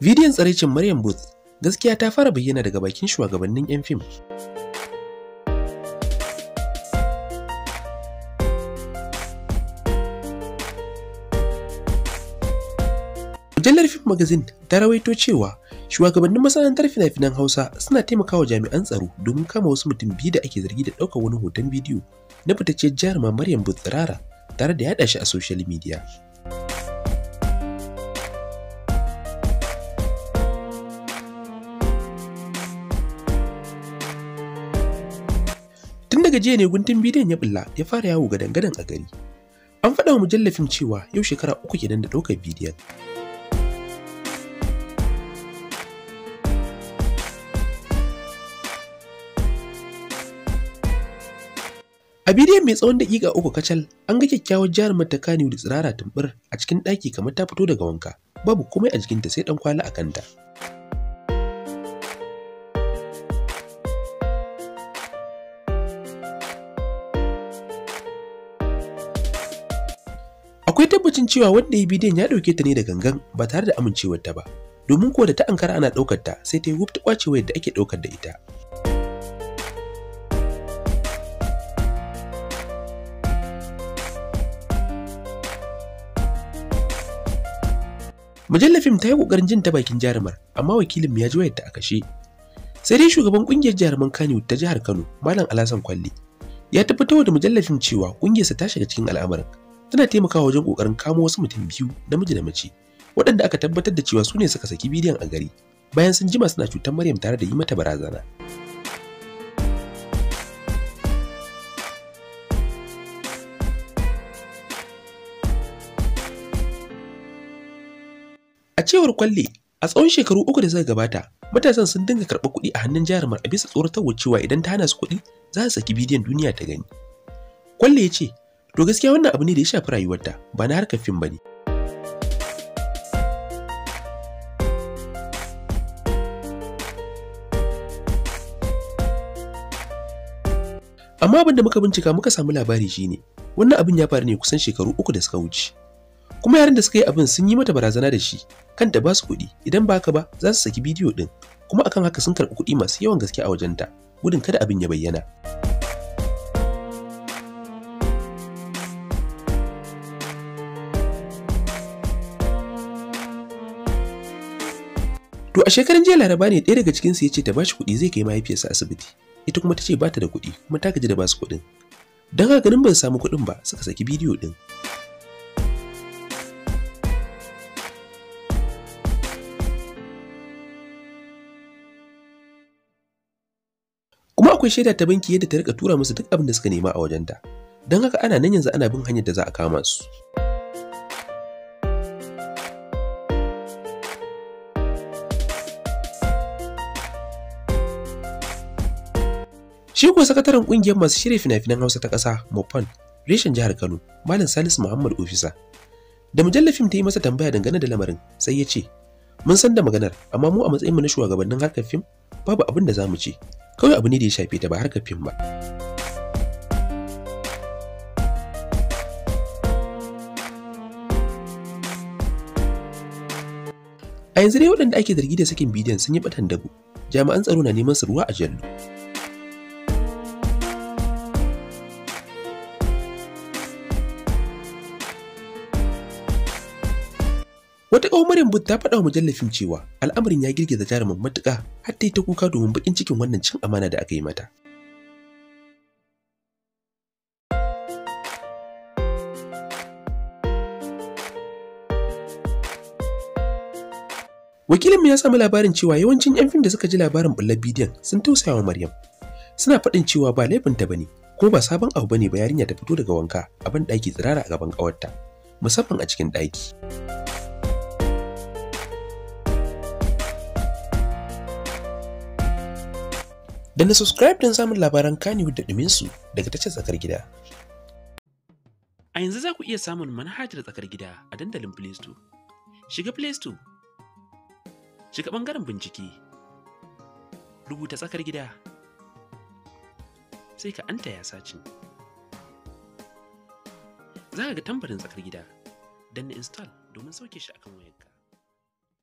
Bidiyon tsaraicin Maryam Booth gaskiya ta fara bayyana daga bakin shugabannin 'yan fim. Mujallar Fim Magazine ta rawaito cewa shugabannin masana'antar fina-finan Hausa suna taimakawa jami'an tsaro domin kama wasu mutum biyu da ake zargi da ɗaukar wani hoton bidiyo na fitacciyar jaruma Maryam Booth tsirara tare da yaɗa shi a social media. daga jiya ne guntun bidiyon ya bulla ya fara yawo ga dangadan a gari. An faɗa wa mujallafin cewa yau shekara uku kenan da ɗaukar bidiyon. A bidiyon mai tsawon daƙiƙa uku kacal, an ga kyakkyawar jarumar ta wudi da tsirara tumbur a cikin ɗaki kamar ta fito daga wanka, babu komai a jikinta sai ɗan kwala a kanta. akwai tabbacin cewa wanda ya bidiyon ya dauke ta ne da gangan ba tare da amincewar ta ba domin ko da ta ankara ana ɗaukar ta sai ta yi wufta ƙwace wayar da ake ɗaukar da ita Mujallar fim ta yi ƙoƙarin jin ta bakin jarumar, amma wakilin ya ji wayar ta a kashe. Sai dai shugaban ƙungiyar jaruman Kano ta jihar Kano, Malam Alasan Kwalli, ya tabbatar da mujallar fim cewa ƙungiyarsa ta shiga cikin al'amarin, tana taimakawa wajen kokarin kamo wasu mutum biyu namiji da mace waɗanda aka tabbatar da cewa su ne suka saki bidiyon a gari bayan sun jima suna cutar Maryam tare da yi mata barazana. A cewar kwalle, a tsawon shekaru uku da suka gabata, matasan sun dinga karɓar kuɗi a hannun jarumar a bisa tsoratarwa cewa idan ta hana su kuɗi za su saki bidiyon duniya ta gani. Kwalle ya ce, To gaskiya wannan abu ne da ya shafi rayuwarta ba na harkar fim ba ne. Amma abin da muka bincika muka samu labari ne, wannan abin ya faru ne kusan shekaru uku da suka wuce. Kuma yaran da suka yi abin sun yi mata barazana da shi kan da ba su kuɗi idan ba haka ba za su saki bidiyo ɗin kuma akan haka sun karɓi kuɗi masu yawan gaske a wajenta gudun kada abin ya bayyana. To a shekarun jiya Laraba ne ɗaya daga cikinsu ya ce ta bashi kuɗi zai kai mahaifiyarsa asibiti. Ita kuma ta ce bata da kuɗi kuma ta gaji da basu kuɗin. Don haka ganin ban samu kuɗin ba suka saki bidiyo ɗin. Kuma akwai shaida ta banki yadda ta rika tura musu duk abin da suka nema a wajenta. Don haka ana nan yanzu ana bin hanyar da za a kama su. Shi ko sakataren kungiyar masu shirya fina-finan Hausa ta ƙasa mopan reshen jihar Kano, Malam Salisu Muhammad Ofisa. Da mujallar fim ta yi masa tambaya dangane da lamarin, sai ya ce, Mun san da maganar, amma mu a matsayin mu na shugabannin harkar fim, babu abin da za mu ce. Kawai abu ne da ya shafe ta ba harkar fim ba. A yanzu dai waɗanda ake zargi da sakin bidiyon sun yi batan dabu, jami'an tsaro na neman su ruwa a jallo. Wata ƙaumarin Bud ta faɗa wa mujallafin cewa al'amarin ya girgiza jarumin matuƙa har ta yi ta kuka domin baƙin cikin wannan cin amana da aka yi mata. Wakilinmu ya samu labarin cewa yawancin 'yan fim da suka ji labarin bullar bidiyon sun tausaya wa Maryam. Suna faɗin cewa ba laifinta ba ne, ko ba sabon abu ba ne ba yarinya ta fito daga wanka a ban ɗaki tsirara a gaban ƙawarta, musamman a cikin ɗaki. da na subscribe don samun labaran kaniwood da ɗuminsu daga tashar tsakar gida. A yanzu za ku iya samun manhajar tsakar gida a dandalin Play Store. Shiga Play Store, shiga ɓangaren bincike, rubuta tsakar gida, sai ka anta ya sace. Za ka ga tambarin tsakar gida, don na install domin sauke shi akan